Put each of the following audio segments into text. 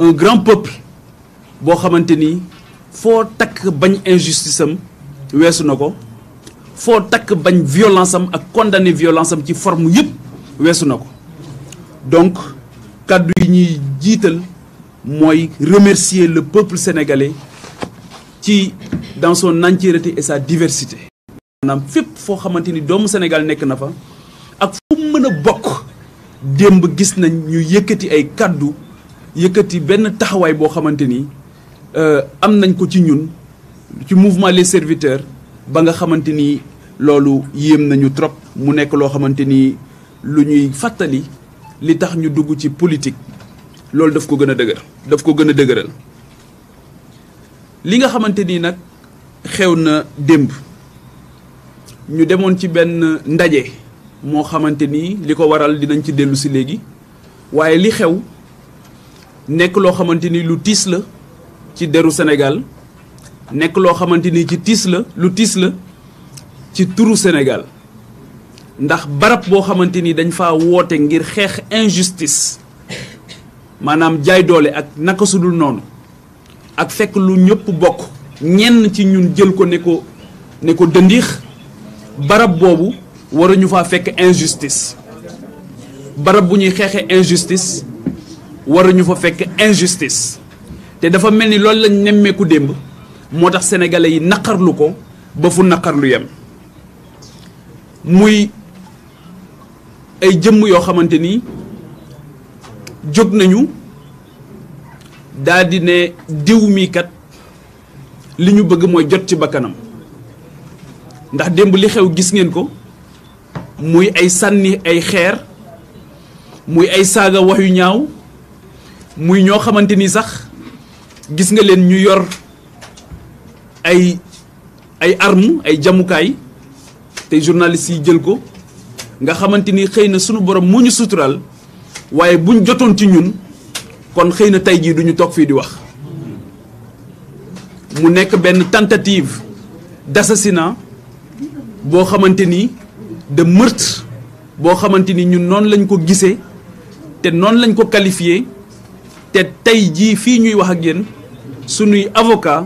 un grand peuple boo xamante ni foo takk bañ injustice weesu na ko foo takk bañ violence ak condamner violence ci forme yëpp weesu na ko donc kàddu yi ñuy jiital mooy remercier le peuple sénégalais ci dans son entièreté esa diversité. maanaam fépp foo xamante ni doomu Sénégal nekk na fa ak fu mu mën a bokk démb gis nañ ñu yëkkati ay kàddu. yëkkati benn taxawaay boo xamante ni euh, am nañ ko ci ñun ci mouvement les serviteurs ba nga xamante ni loolu yéem nañu trop mu nekk loo xamante ni lu ñuy fàttali li tax ñu dugg ci politique loolu daf ko gën a dëgër daf ko gën a dëgëral li nga xamante ni nag xew na démb ñu demoon ci benn ndaje moo xamante ni li ko waral dinañ ci dellu si léegi waaye li xew nekk loo xamante ni lu tiis la ci deru senegal nekk loo xamante ni ci tiis la lu tiis la ci turu Sénégal ndax barab boo xamante ni dañ fa woote ngir xeex injustice maanaam jaay doole ak naka su noonu ak fekk lu ñëpp bokk ñenn ci ñun jël ko ne ko ne ko dëndiix barab boobu waruñu faa fekk injustice barab bu ñuy xeexee injustice waruñu fa fekk injustice te dafa mel ni loolu lañ nemmeeku démb moo tax sénégalais yi naqarlu ko ba fu naqarlu yem muy ay jëmm yoo xamante ni jóg nañu daldi ne diw mi kat li ñu bëgg mooy jot ci bakkanam ndax démb li xew gis ngeen ko muy ay sànni ay xeer muy ay saaga wax yu ñaaw muy ñoo xamante ni sax gis nga leen ñu yor ay ay armes ay jamukaay te journalistes yi jël ko nga xamante ni xëy na sunu borom moo ñu suturaal waaye buñ jotoon ci ñun kon xëy na tey jii duñu toog fii di wax mu nekk benn tantative dasasina boo xamante ni de mërt boo xamante ni ñun noonu lañ ko gisee te noonu lañ ko qualifié te tey jii fii ñuy wax a yéen sunuy avocat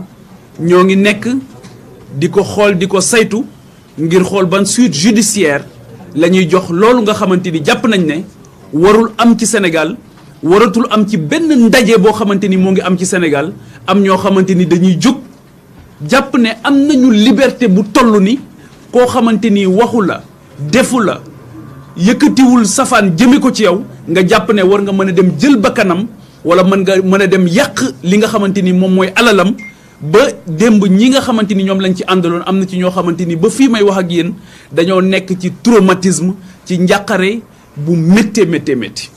ñoo ngi nekk di ko xool di ko saytu ngir xool ban suite judiciaire la ñuy jox loolu nga xamante ni jàpp nañ ne warul am ci Sénégal waratul am ci benn ndaje boo xamante ni moo ngi am ci senegal am ñoo xamante ni dañuy jóg jàpp ne am nañu liberté bu toll ni koo xamante ni waxu la defu la yëkkatiwul safaan jëme ko ci yow nga jàpp ne war nga mën a dem jël bakkanam wala mën nga mën a dem yàq li nga xamante ni moom mooy alalam ba démb ñi nga xamante ni ñoom lañ ci àndaloon am na ci ñoo xamante ni ba fii may wax ak yéen dañoo nekk ci traumatisme ci njàqare bu méttee méttee métti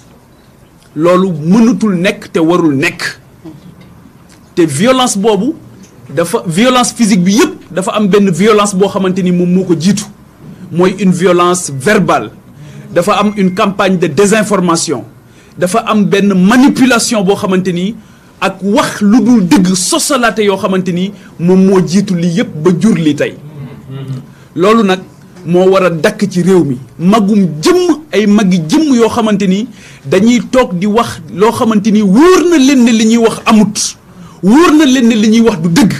loolu mënatul nekk te warul nekk te violence boobu dafa violence physique bi yëpp dafa am benn violence boo xamante ni moom moo ko jiitu mooy une violence verbale dafa am une campagne de désinformation dafa am benn manipulation boo xamante ni ak wax lu dul dëgg sosalaate yoo xamante ni moom moo jiitu lii yëpp ba jur lii tey loolu nag moo war a dakk ci réew mi magum jëmm ay magi jëmm yoo xamante ni dañuy toog di wax loo xamante ni wóor na leen ne li ñuy wax amut wóor na leen ne li ñuy wax du dëgg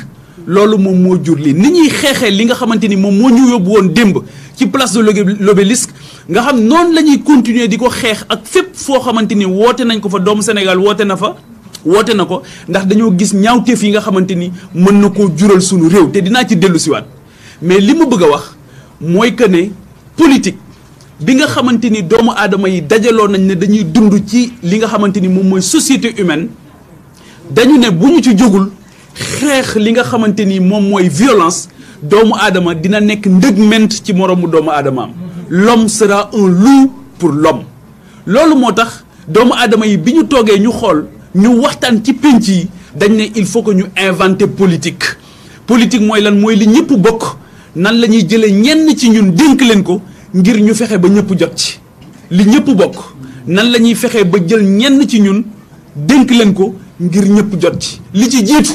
loolu moom moo jur li ni ñuy xeexee li nga xamante ni moom moo ñu yóbbu woon démb ci place de l'obélisque nga xam noonu la ñuy continuer di ko xeex ak fépp foo xamante ni woote nañ ko fa doomu Sénégal woote na fa woote na ko ndax dañoo gis ñaawteef yi nga xamante ni mën na koo jural sunu réew te dinaa ci dellu siwaat mais li ma bëgg a wax mooy que ne politique bi nga xamante ni doomu aadama yi dajaloo nañ ne dañuy dund ci li nga xamante ni moom mooy société humaine dañu ne bu mu ci jógul xeex li nga xamante ni moom mooy violence doomu aadama dina nekk ndëg ment ci moroomu doomu aadama am l'homme sera un loup pour l'homme loolu moo tax doomu aadama yi bi ñu toogee ñu xool ñu waxtaan ci pénc yi dañ ne il faut que ñu inventer politique politique mooy lan mooy li ñëpp bokk nan la ñuy jëlee ñenn ci ñun dénk leen ko ngir ñu fexe ba ñëpp jot ci li ñëpp bokk nan la ñuy fexee ba jël ñenn ci ñun dénk leen ko ngir ñëpp jot ci li ci jiitu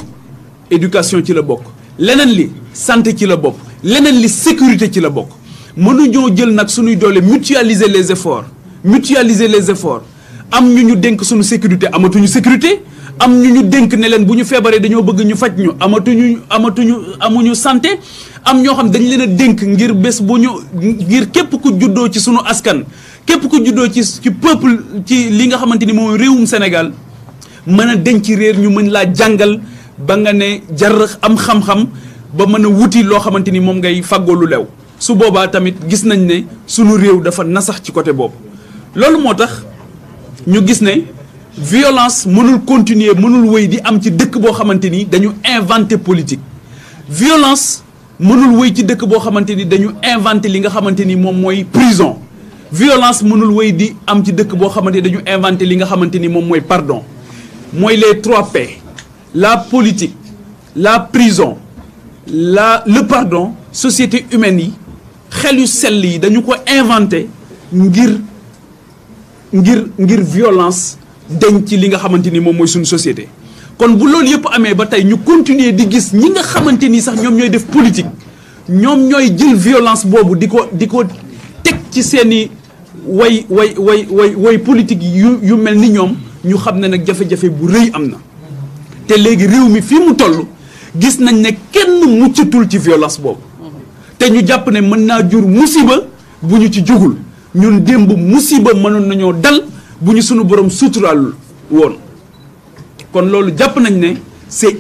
éducation ci la bokk leneen li santé ci la bokk leneen li sécurité ci la bokk mënuñoo jël nag suñuy doole mutualiser les efforts mutualiser les efforts am ñu ñu dénk suñu sécurité amatuñu sécurité am ñu ñu dénk ne leen bu ñu feebaree dañoo bëgg ñu faj ñu amatuñu amatuñu amuñu santé am ñoo xam dañ leen a dénk ngir bés bu ñu ngir képp ku juddoo ci suñu askan képp ku juddoo ci ci peuple ci li nga xamante ni moom réewum Sénégal mën a denc réer ñu mën laa jàngal ba nga ne jar am xam-xam ba mën a wuti loo xamante ni moom ngay fàggoo lu lew su boobaa tamit gis nañ ne sunu réew dafa nasax ci côté boobu loolu moo tax ñu gis ne violence mënul continuer mënul woy di am ci dëkk boo xamante ni dañu inventé politique violence mënul wëy ci dëkk boo xamante ni dañu inventé li nga xamante ni moom mooy prison violence mënul woy di am ci dëkk boo xamante ni dañu inventé li nga xamante ni moom mooy pardon mooy les trois P la politique la prison la le pardon société humaine yi xel yu sell yi dañu ko inventé ngir ngir ngir violence deñ ci li nga xamante ni moom mooy suñu société kon bu loolu yëpp amee ba tey ñu continuer di gis ñi nga xamante ni sax ñoom ñooy def politique ñoom ñooy jël violence boobu di ko di ko teg ci seeni way way way way way politique yu yu mel ni ñoom ñu xam ne nag jafe-jafe bu rëy am na te léegi réew mi fii mu toll gis nañ ne kenn muccatul ci violence boobu te ñu jàpp ne mën naa jur musiba bu ñu ci jógul ñun démb musiba mënoon nañoo dal bu ñu sunu borom suturaalul woon kon loolu jàpp nañ ne c'est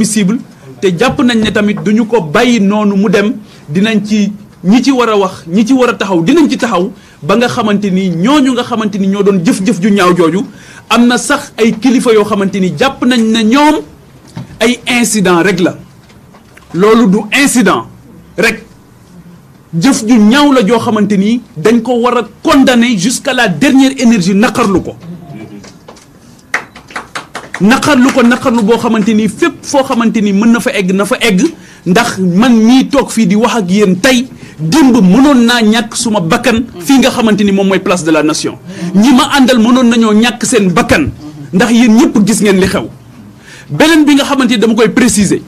missible te jàpp nañ ne tamit duñu ko bàyyi noonu mu dem dinañ ci ñi ci war a wax ñi ci war a taxaw dinañ ci taxaw ba nga xamante ni ñooñu nga xamante ni ñoo doon jëf-jëf ju ñaaw jooju am na sax ay kilifa yoo xamante ni jàpp nañ ne ñoom ay incident rek la loolu du incident rek jëf ju ñaaw la joo xamante nii dañ ko war a condamner jusqu'à la dernière énergie naqarlu ko naqarlu ko naqarlu boo xamante nii fépp foo xamante nii mën na fa egg na fa egg ndax man mii toog fii di wax ak yéen tey dimb mënoon naa ñàkk suma bakkan fii nga xamante ni moom mooy place de la nation ñi ma àndal mënoon nañoo ñàkk seen bakkan ndax yéen ñëpp gis ngeen li xew beneen bi nga xamante ni dama koy préciser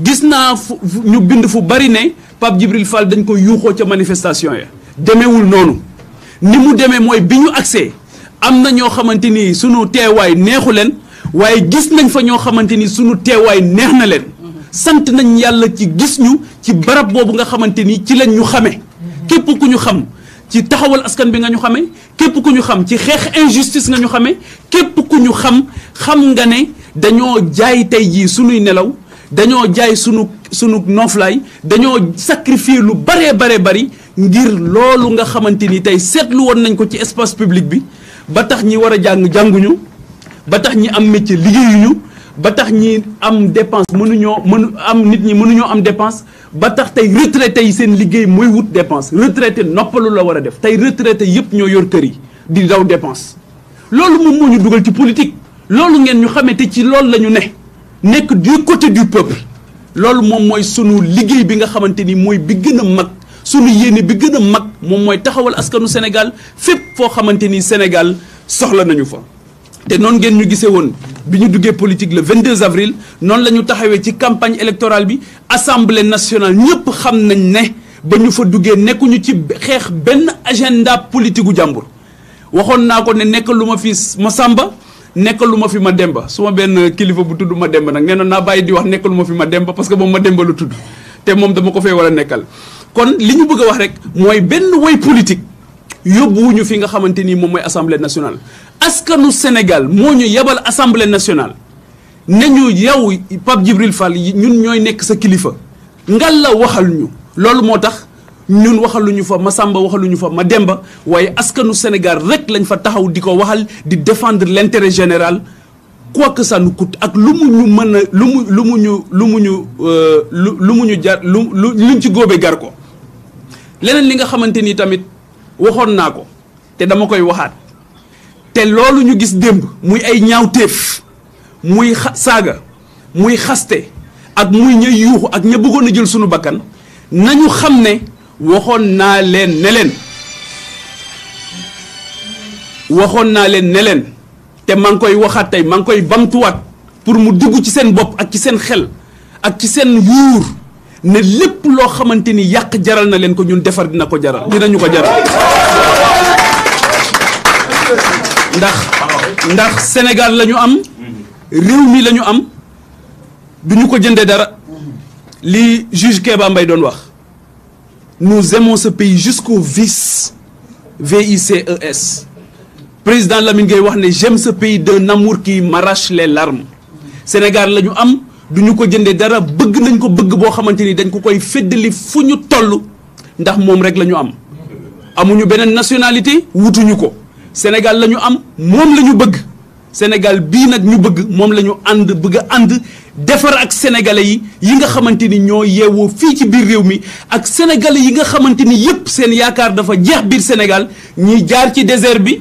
gis naa fu ñu bind fu bari ne Pape Djibril Fall dañ ko yuuxoo ca manifestation ya demewul noonu ni mu demee mooy bi ñu agsee am na ñoo xamante ni sunu teewaay neexu leen waaye gis nañ fa ñoo xamante ni sunu teewaay neex na leen sant nañ yàlla ci gis ñu ci barab boobu nga xamante ni ci lañ ñu xame képp ku ñu xam ci taxawal askan bi nga ñu xamee képp ku ñu xam ci xeex injustice nga ñu xamee képp ku ñu xam xam nga ne dañoo jaay tey jii sunuy nelaw dañoo jaay sunu sunu noflaay dañoo sacrifier lu baree baree bari ngir loolu nga xamante ni tey seetlu woon nañ ko ci espace public bi ba tax ñi war a jàng jànguñu ba tax ñi am métier liggéeyuñu ba tax ñi am dépense mënuñoo mënu am nit ñi mënuñoo am dépense ba tax tey retraité yi seen liggéey mooy wut dépense retraité noppalu la war a def tey retraité yépp ñoo yor kër yi di daw dépense loolu moom moo ñu dugal ci politique loolu ngeen ñu xamante ci loolu la ñu ne nekk du côté du peuple loolu moom mooy sunu liggéey bi nga xamante ni mooy bi gën mag sunu yéene bi gën a mag moom mooy taxawal askanu Sénégal fépp foo xamante ni Sénégal soxla nañu fa. te noonu ngeen ñu gisee woon bi ñu duggee politique le 22 avril noonu la ñu taxawee ci campagne électorale bi assemblée nationale ñëpp xam nañ ne ba ñu fa duggee nekkuñu ci xeex benn agenda politique gu jàmbur waxoon naa ko ne nekk lu ma fi ma sàmba nekkaluma fi ma demba su ma benn kilifa bu tudd ma demba nag nee na naa bàyyi di wax nekkalu ma fi ma demba parce que moom ma demba la tudd te moom dama ko fee war a nekkal kon li ñu bëgg a wax rek mooy benn way politique yóbbuwuñu fi nga xamante ni moom mooy assemblée nationale askanu Sénégal moo ñu yebal assemblée nationale ne ñu yow Pape Djibril Fall ñun ñooy nekk sa kilifa ngal la waxal ñu loolu moo tax ñun waxaluñu fa ma sàmba waxaluñu fa ma demba waaye askanu Sénégal rekk lañ fa taxaw di ko waxal di défendre l'intérêt général quoi que ça nous ak lu mu ñu mën a lu mu lu mu ñu lu mu ñu euh, lu mu ñu jar lu lu luñ ci góobee gar ko leneen li nga xamante ni tamit waxoon naa ko te dama koy waxaat te loolu ñu gis démb muy ay ñaawteef muy saaga muy xaste ak muy ña yuuxu ak ña bëggoon jël sunu bakkan nañu xam ne waxoon naa leen neleen waxoon naa leen ne leen te maa ngi koy waxaat tey maa ngi koy bamtuwaat pour mu dugg ci seen bopp ak ci seen xel ak ci seen yuur ne lépp loo xamante ni yàq jaral na leen ko ñun defar dina ko jaral dinañu ko jaral ndax ndax Sénégal lañu am réew mi lañu ñu am duñu ko jëndee dara li juge Kéba Mbaye doon wax nous aimons ce pays jusqu'au vice V-I-C-E-S président Lamine Gueye wax ne j'aime ce pays d'un amour qui m'arrache les larmes Sénégal la ñu am du ñu ko jëndee dara bëgg nañ ko bëgg boo xamante ni dañ ko koy féddali fu ñu toll ndax moom rek la ñu am amuñu beneen nationalité wutuñu ko Sénégal la ñu am moom la ñu bëgg Sénégal bii nag ñu bëgg moom la ànd bëgg ànd defar ak sénégalais yi yi nga xamante ni ñoo yeewoo fii ci biir réew mi ak sénégalais yi nga xamante ni yépp seen yaakaar dafa jeex biir Sénégal ñiy jaar ci désert bi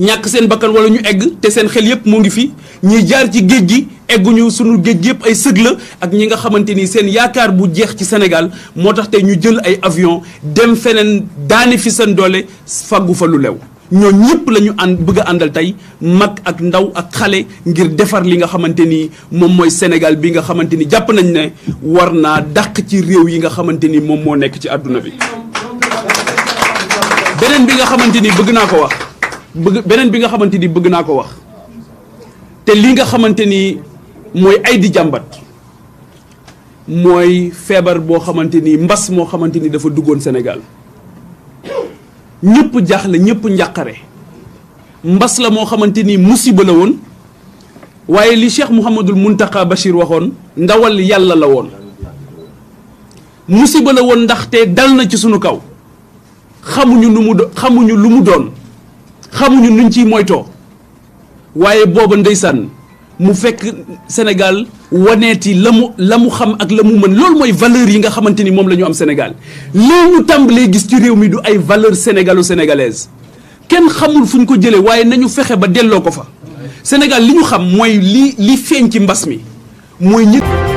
ñàkk seen bakkan wala ñu egg te seen xel yépp moo ngi fi ñiy jaar ci géej gi egguñu sunu géej yépp ay sëg la ak ñi nga xamante ni seen yaakaar bu jeex ci Sénégal moo tax tey ñu jël ay avion dem feneen daani fi seen doole faggu fa lu lew ñoo ñëpp lañu ñu ànd bëgg àndal tey mag ak ndaw ak xale ngir defar li nga xamante ni moom mooy Sénégal bi nga xamante ni jàpp nañ ne war naa dàq ci réew yi nga xamante ni moom moo nekk ci àdduna bi beneen bi nga xamante ni bëgg naa ko wax bëgg bi nga xamante ni bëgg naa ko wax te li nga xamante ni mooy ay di jàmbat mooy feebar boo xamante ni mbas moo xamante ni dafa duggoon Sénégal ñëpp jaaxle ñëpp njàqare mbas la moo xamante ni musiba la woon waaye li cheikh Mouhamadul Muntaqa Bachir waxoon ndawal yàlla la woon musiba la woon dal na ci sunu kaw xamuñu nu mu xamuñu lu mu doon xamuñu nuñ ciy moytoo waaye booba ndeysaan mu fekk Sénégal waneeti la mu la mu xam ak la mu mën loolu mooy valeur yi nga xamante ni moom la am Sénégal lii ñu tàmbalee gis ci réew mi du ay valeur sénégalo-sénégalaise kenn xamul fu ñu ko jëlee waaye nañu fexe ba delloo ko fa Sénégal li ñu xam mooy li li feeñ ci mbas mi mooy ñi